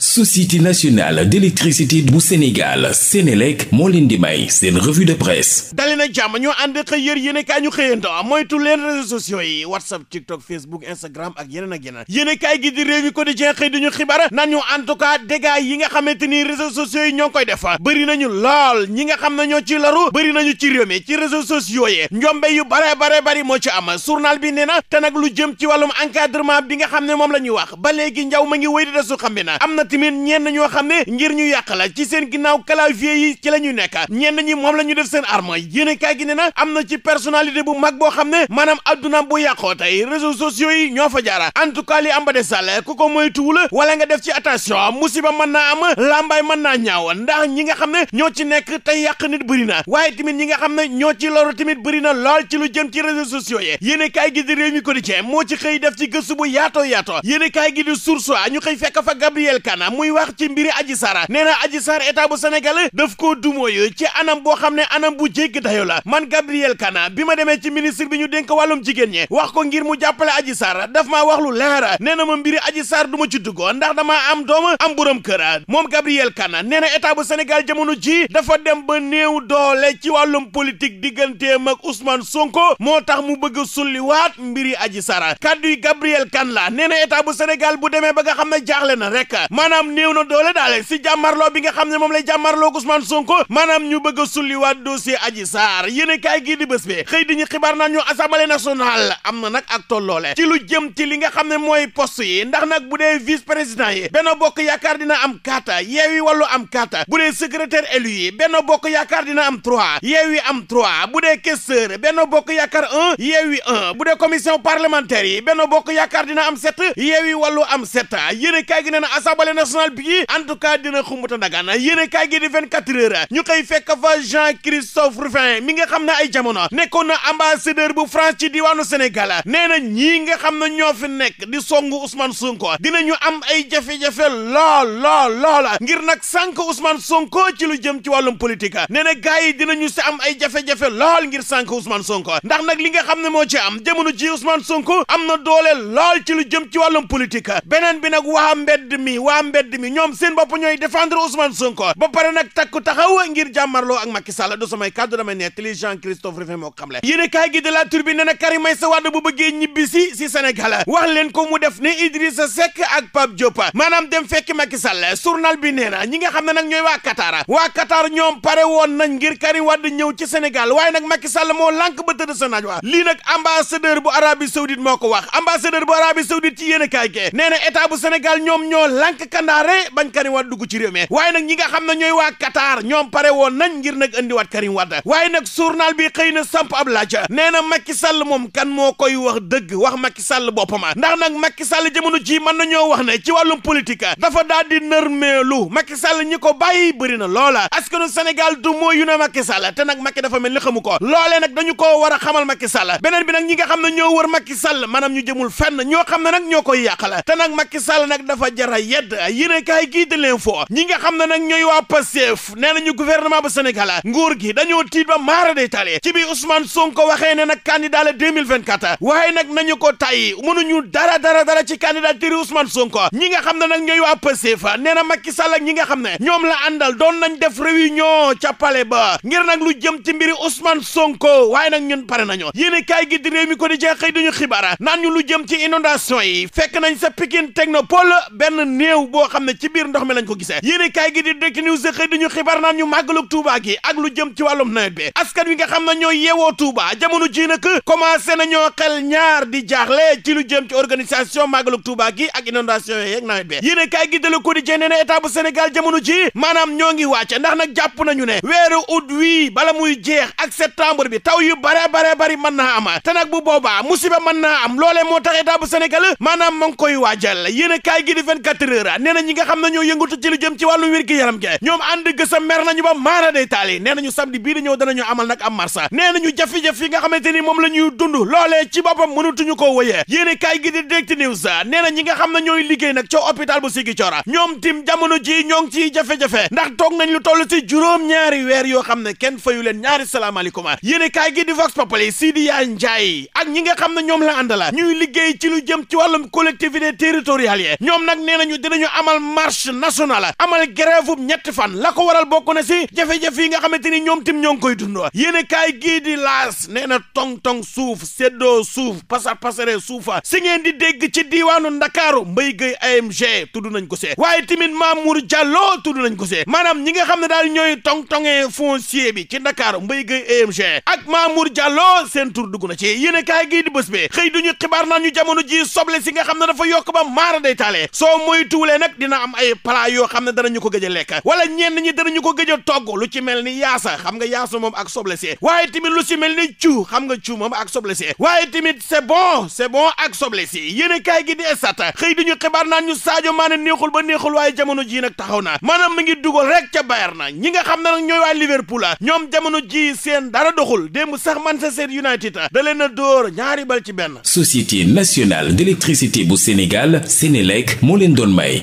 société nationale d'électricité bu Sénégal Sénélec moo leen di may seen revue de presse dali jàmm ñoo ànd xëy yër yéenekaay ñu xëyanto moytu leen réseaux sociaux yi whatsapp tiktok facebook instagram ak yeneen ak yeneen yéenekaay gi di Rewmi Quotidien xëy duñu xibaar naan ñu en tout yi nga xamante ni réseaux sociaux yi ñoo ngi koy def bëri nañu lool ñi nga xam ne ñoo ci laru bëri nañu ci réew mi ci réseaux sociaux yi njombe yu bare bare bari moo ci am na te nag lu jëm ci wàllum la ñuy wax ba léegi njaw ma tamit ñeen ñoo xam ne ngir ñu yàq ci seen ginaaw clavier yi ci la ñu nekk ñenn ñi moom la ñu def seen arme yéen kaay gi ne na am na ci personnalité bu mag boo xam ne maanaam addunaam bu yàqoo tey réseaux sociaux yi ñoo fa jaara en tout cas li am ba des sàll ku ko wala nga def ci attention musiba mën naa am lambaay mën naa ñaaw ndax ñi nga xam ne ñoo ci nekk tey yàq nit bëri na waaye tamit ñi nga xam ne ñoo ci loru tamit bëri na lool ci lu jëm ci réseaux sociaux yi yéen kaay gi di réew mi moo ci xëy def ci gëstu bu yaatoo yaatoo yéen kaay gi di source ñu xëy fekk fa Gabriel Kane Fofana muy wax ci mbiri Adji Sarr nee na Adji Sarr état bu Sénégal daf koo dumóoyu ci anam boo xam ne anam bu jéggi dayo la man Gabriel Kana bi ma demee ci ministre bi ñu dénk wallum jigéen ñi wax ko ngir mu jàppale aji Sarr daf ma wax lu leer nee na ma mbiri Adji Sarr duma ci dugg ndax dama am doom am borom kër a moom Gabriel Kana nee na état bu Sénégal jamono ji dafa dem ba néew doole ci wàllum politique digganteem ak Ousmane Sonko moo tax mu bëgg sulliwaat mbiri Adji Sarr kàddu yi Gabriel Kana la na état bu Sénégal bu demee ba xam ne jaaxle na rek maanaam néew na doole daale si jàmmarloo bi nga xam ne moom lay jàmmarloo Ousmane Sonko maanaam ñu bëgg a sulliwaat dossier Adji Sarr yéen a kaay gii di bés bi xëy diñu ñu assemblée nationale am na nag ak tolloole ci jëm ci li nga xam ne mooy poste yi ndax nag bu dee vice président yi benn bokk yaakaar dina am kaata yeewi wàllu am kaata bu dee secrétaire élu yi benn bokk yaakaar dina am trois yeewi am trois bu dee questeur benn bokk yaakaar un yeewi un bu dee commission parlementaire yi benn bokk yaakaar dina am sept yeewi wàllu a national bi en dina xumbuta ndagaana yéen a kaay gi ñu koy fekk fa Jean Rufin mi nga xam ne ay jamono nekkoon na ambassadeur bu France ci diwaanu Sénégal nee na ñii nga xam na ñoo fi nekk di songu Ousmane Sonko dinañu am ay jafe-jafe lool lool lool ngir nag sànq Ousmane Sonko ci lu jëm ci wàllum politique nee na gars yi dinañu si am ay jafe-jafe lool ngir sànq Ousmane Sonko ndax nag li nga xam ne moo ci am jamono ji Ousmane Sonko am na doole jëm ci wàllum politique waa mbedd mi ñoom seen bopp ñooy défendre Ousmane Sonko ko pare nag takku taxaw ngir jàmmarloo ak Macky Sall du samay kàddu damay nettali Jean Christophe Ruffin moo xamle yéen kaay gi de la Tribune nee na Karim Meïssa Wade bu bëggee ñibbi si si wax leen ko mu def ne Idrissa Seck ak Pape Diop maanaam dem fekki Macky Sall journal bi nee na ñi nga xam ne nag ñooy waa Qatar waa Qatar ñoom pare woon nañ ngir Karim Wade ñëw ci Sénégal waaye nag Macky moo lànk ba sa naaj waa lii kandaare bañ Karim Wade dugg ci réew waaye nag ñi nga xam na ñooy waa Qatar ñoom pare woon nañ ngir nag indiwaat Karim Wade waaye nag journal bi xëy na samp ab laaj nee na Macky Sall moom kan moo koy wax dëgg wax Macky Sall boppam ndax nag Macky Sall jamono ji mën nañoo wax ne ci wàllum politique dafa daal di nërmeelu Macky Sall ñi ko bàyyi bëri na loola askanu Sénégal du mooy yu ne Macky Sall te nag Macky dafa mel ni xamu ko loolee nag dañu ko war a xamal Macky Sall beneen bi nag ñi nga xam ne ñoo wër Macky Sall maanaam ñu jëmul fenn ñoo xam ne nag ñoo koy yàqala te nag Macky Sall nag dafa jara yedd yéen kaay gii de l'info ñi nga xam ne nag ñooy waa Pastef nee nañu gouvernement bu Sénégal nguur gi dañoo tiit ba maar day tale ci bi Ousmane Sonko waxee ne nag candidat la 2024 waaye nag nañu ko tàyyi mënuñu dara dara dara ci candidature Ousmane Sonko ñi nga xam ne nag ñooy waa Pastef nee na Macky Sall ak ñi nga xam ne ñoom la àndal doon nañ def réunion ca palais ba ngir nag lu jëm ci mbiri Ousmane Sonko waaye nag ñun pare nañu yéen kaay gi di réew ko di jeexee duñu xibaar naan ñu lu jëm ci inondation yi fekk nañ sa Pikine Technopole benn néew boo xam ne ci biir ndox mi lañ ko gisee yéene kaay gi di Direct News xëy dañu xibaar naan ñu màggalug Touba gi ak lu jëm ci wàllum nawet bi askan wi nga xam na ñoo yeewoo Touba jamono ji nag commencé nañoo xel ñaar di jaaxle ci lu jëm ci organisation màggalug Touba gi ak inondation yeeg nawet bi yéene kaay gi de Le Quotidien nee na état bu Sénégal jamono ji maanaam ñoo ngi wàcce ndax nag jàpp nañu ne weer août wi bala muy jeex ak septembre bi taw yu bare bare bari mën naa am te nag bu boobaa musiba mën naa am moo tax état bu Sénégal maanaam ma ngi koy waajal yéene kaay gi di 24 heures nee na ñi nga xam ne ñoo yëngatu ci jëm ci wàllu wér gi yaram ge ñoom ànd gësam mer nañu ba maara day taali nee nañu samedi bii di ñëw danañu nag am marsa nee nañu jafe-jafe yi nga xamante ni moom la ñuy dund loolee ci boppam mënatuñu ko wëyee yéen kaay gi di direct news nee na ñi nga xam ne ñooy liggéey nag ca hôpital bu Ziguinchor ñoom tim jamono ji ñoo ngi ciy jafe ndax toog nañ toll ci juróom-ñaari weer yoo xam ne kenn fayu leen ñaari salaamaaleykum yéen kaay gi di vox populi Sidiya Ndiaye ak ñi nga xam ne ñoom la ànd la ñuy liggéey ci lu jëm ci wàllum collectivité territoriale yi ñoom nag nee nañu dinañu amal marche nationale amal grève ñetti fan la ko waral bokk na si jafe-jafe yi nga xamante ni ñoom tim ñoo ngi koy dund yéen kaay gii di laas nee na tong-tong suuf seddoo suuf pasar pasare suufa si ngeen di dégg ci diiwaanu ndakaaru mbay gay AMG tudd nañ ko see waaye tamit Mamour Diallo tudd nañ ko see maanaam ñi nga xam ne daal ñooy tong-tongee foncier bi ci ndakaaru mbay gay AMG ak Mamour Diallo seen tur dugg na ci yéen kaay gii di bés xëy duñu xibaar naan ñu jamono ji soble si nga xam ne dafa yokk ba maara day nag dina am ay plat yoo xam ne danañu ko gëj a lekk wala ñenn ñi danañu ko gëj a togg lu ci mel ni yaasa xam nga yaasa moom ak soble si waaye tamit lu ci mel ni cu xam nga cu moom ak soble si waaye tamit c'est bon c'est bon ak soble si yéen kaay gi di esat xëy di ñu xibaar naa ñu Sadio Mané neexul ba neexul waaye jamono jii nag taxaw na maanaam mi ngi dugal rek ca Bayern na ñi nga xam na nag ñooy waa Liverpool ñoom jamono ji seen dara doxul démb sax man Manchester United da leen na dóor ñaari bal ci benn Société nationale d'électricité bu Sénégal Sénélec moo leen doon may